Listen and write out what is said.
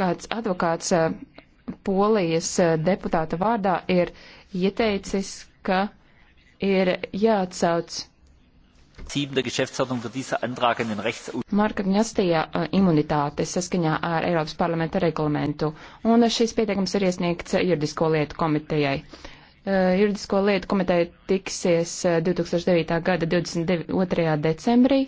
kāds advokāts eh, polijas eh, deputāta vārdā ir ieteicis, ka ir jāatsauc. Marka Gnastija eh, imunitāte saskaņā ar Eiropas parlamenta reglamentu, un šis pieteikums ir iesniegts juridisko lietu komitejai. Juridisko lietu komiteja tiksies 2009. gada 22. decembrī.